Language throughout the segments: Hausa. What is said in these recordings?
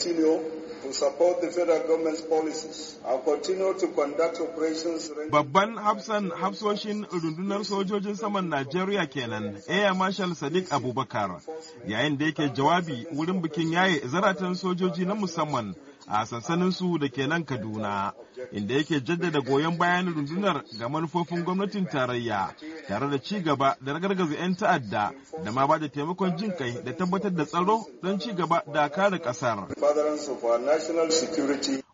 continue to the federal government's policies and continue to conduct operations. Babban hafsan hafsoshin rundunar sojojin saman Najeriya kenan Air Marshal Sadiq Abubakar yayin da yake jawabi wurin bikin yaye zaratan sojoji na musamman a sansaninsu da ke nan Kaduna, inda yake jaddada goyon bayan rundunar ga manufofin gwamnatin tarayya tare da ci gaba da ragargaza 'yan ta'adda da ma ba da taimakon jin kai da tabbatar da tsaro don ci gaba da kare ƙasar.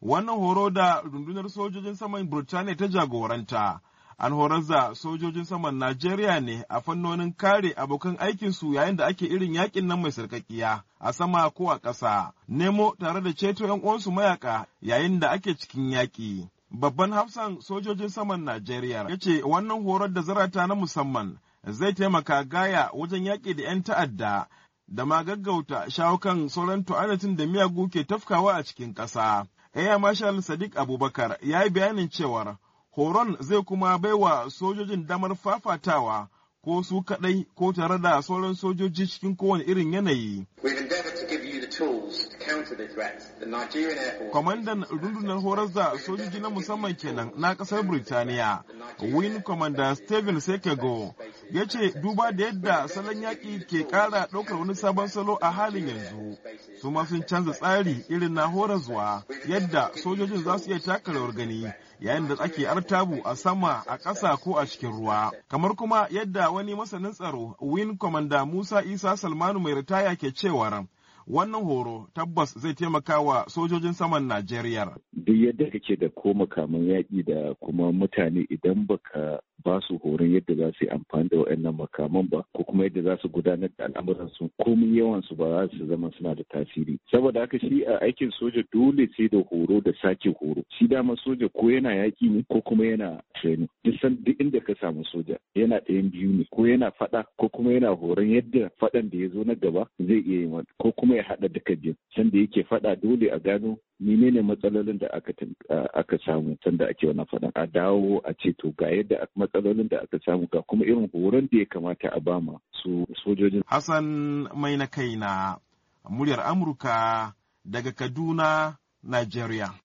Wannan horo da rundunar sojojin saman Burtaniya ta jagoranta. An horar sojojin saman Najeriya ne a fannonin kare abokan aikinsu yayin da ake irin yakin nan mai sarkakiya a sama ko a ƙasa. Nemo tare da ceto 'yan uwansu mayaka yayin da ake cikin yaƙi. Babban hafsan sojojin saman Najeriya ya ce wannan horar da zarata na musamman zai taimaka gaya wajen yaƙi da 'yan ta'adda da ma gaggauta shawo kan sauran tu'adatin da miyagu ke tafkawa a cikin ƙasa. Eya Marshal Sadiq Abubakar ya yi bayanin cewar Horon zai kuma baiwa sojojin damar fafatawa ko su kadai ko tare da sauran sojoji cikin kowane irin yanayi. Kwamandan rundunar horar da sojoji na musamman kenan na kasar Birtaniya, Wing Commander Stephen Sekego, ya ce duba da yadda salon yaƙi ke ƙara ɗaukar wani sabon salo a halin yanzu su ma sun canza tsari irin na hora zuwa yadda sojojin za su iya taka rawar gani yayin da ake artabu a sama a ƙasa ko a cikin ruwa kamar kuma yadda wani masanin tsaro win commander musa isa salmanu mai ritaya ke cewar wannan horo tabbas zai taimaka wa sojojin saman najeriya duk yadda kake da ko makaman yaƙi da kuma mutane idan baka ba su horon yadda za su yi amfani da waɗannan makaman ba ko kuma yadda za su gudanar da al'amuran su komai yawan su ba za su zama suna da tasiri saboda haka shi a aikin soja dole sai da horo da sake horo shi dama soja ko yana yaki ne ko kuma yana training duk san duk inda ka samu soja yana ɗayan biyu ne ko yana faɗa ko kuma yana horon yadda faɗan da ya zo na gaba zai iya yi ko kuma ya haɗa duka san sanda yake faɗa dole a gano menene matsalolin da aka samu sanda ake wannan faɗan a dawo a ceto ga yadda matsalolin da aka samu ga kuma irin horon da ya kamata a bama su sojojin. Hassan mai na kaina muryar Amurka daga Kaduna, Nigeria.